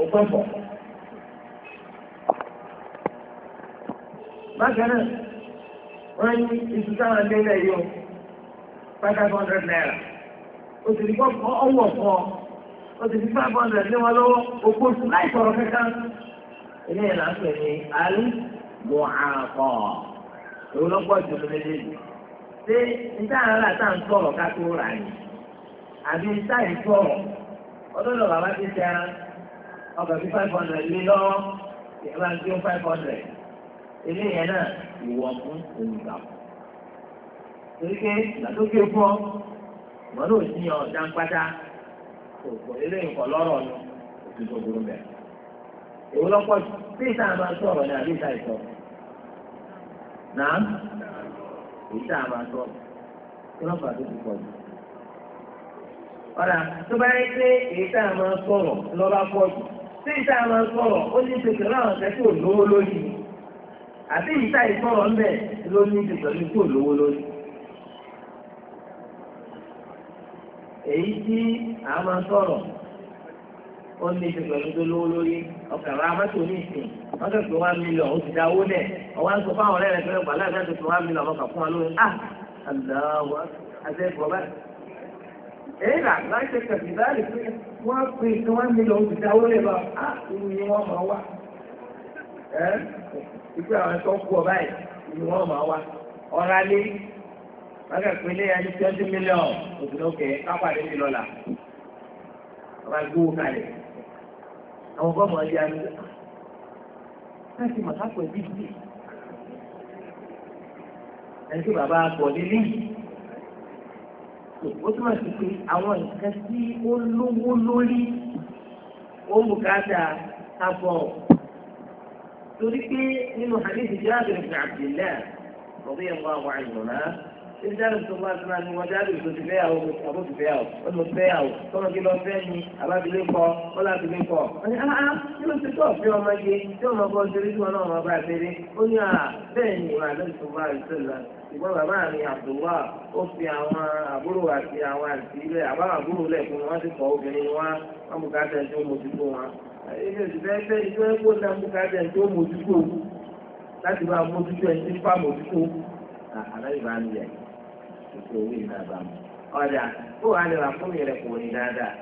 ó pẹ́ pọ̀. náà wọ́n ní iṣu táwọn ẹgbẹ́ ilé yìí five hundred naira ó ti di kọ́ ọwọ́ fún ọ ó five hundred lé wọn lọ́wọ́ òpó oṣù láì sọ̀rọ̀ kankan ilé yẹn pè ní àlù mọ̀àkọ́ èwo lọ́pọ̀ ìṣòro ṣé níta ń sọ̀rọ̀ ká tó rà yìí ọkọ̀ 500 five hundred lé lọ́wọ́ ìyẹn ń gbé five hundred ilé yẹn náà ìwọ fún olùgbà torí pé ọ náà pátá òkò ilé ìkọ̀ lọ́rọ̀ ni òtún tó burú bẹ̀. èwo ìta ni àbí ìta náà ìta kí ti jù tó bá yẹ a sí ìta àwọn sọ̀rọ̀ o ní ṣe pẹ̀lú lo tẹ́tí àti ìta ìsọ̀rọ̀ ń bẹ̀ ló ní ṣe pẹ̀lú lówó lórí. èyí tí àwọn sọ̀rọ̀ ó ní ṣe tó lówó lórí ọkàn rà mọ́tò ní ìsìn wọ́n kẹ́ pé wọ́n ó ti dáwó dẹ̀ ń sọ fáwọn ọ̀rẹ́ rẹ̀ fún wa lórí ah! e na kẹ̀kẹ́ báyìí pé wọ́n pe kí wọ́n a pé ẹni twenty million òbí òkè kápàdé mi lọ́la ọba gbówó kalẹ̀ àwọn bọ́ọ̀mù ọjà ń lọ láti màkà pẹ̀lú ìdí ẹni tí bàbá nílé yìí. ó túmọ̀ sí pé àwọn nǹkan tí ó lówó lórí ó mú káàdà sábọ̀ torí pé nínú hadith jáde ní Abdullahi ọ̀bí ẹ̀ wá wà ìrọ̀lá ìdáhùn tó máa tún àti wọjá lè tó ti fẹ́yàwó àbó ti fẹ́yàwó wọ́n mọ̀ fẹ́yàwó tọ́mọ kí lọ fẹ́ ni àbábílẹ̀ kọ́ wọ́n láti lè kọ́. wọ́n ní áá ah, ah, kí ló ti tọ́ fi ọmọ yẹ tí ọmọ bọ́ ṣeré tí wọn náà wọn bá ṣeré ó ní à ah, bẹ́ẹ̀ ni ìwà àdéhùn tó bá ṣe lọ. ìgbọ́n bàbá mi àbúrò ó fi àwọn àbúrò àti àwọn àti ilẹ̀ àbáwọn àbúrò lẹ̀ fún wọn ti kọ́ obìnrin wọn wọn mú ká tẹ̀ tó mójútó wọn. ilé ìfẹ́ fẹ́ ìfẹ́ kó náà mú ká tẹ̀ tó mójútó láti máa mójútó ẹni tí ń fà mójútó àlàyé bá ń yẹ ìṣòwò ìnàbàmù ọ̀dà kó wàá lè rà fún mi rẹ̀ kò ní dáadáa.